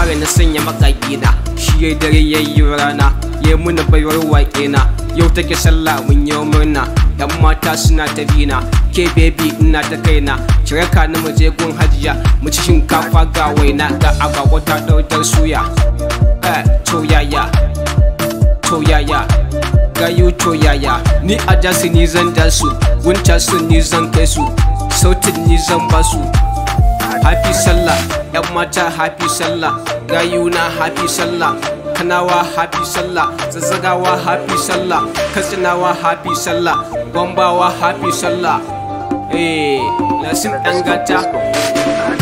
fara na sanya makakina shi ya dare ya yi rana ya muna baiwar waƙena yau take sallah mun yi murna yan mata suna ta bina ke bebi ina ta kaina cire ka na muje gun hajiya mu ci shinkafa ga waina ga agwagwa ta ɗaukar suya eh to yaya to yaya gayu to yaya ni a jasi ni zan dasu gunta su ni zan kai su sautin ni zan basu happy sallah yan mata happy sallah gayuna happy sallah kanawa happy sallah zazzagawa happy sallah katsinawa happy sallah gombawa happy sallah eh lasin ɗan gata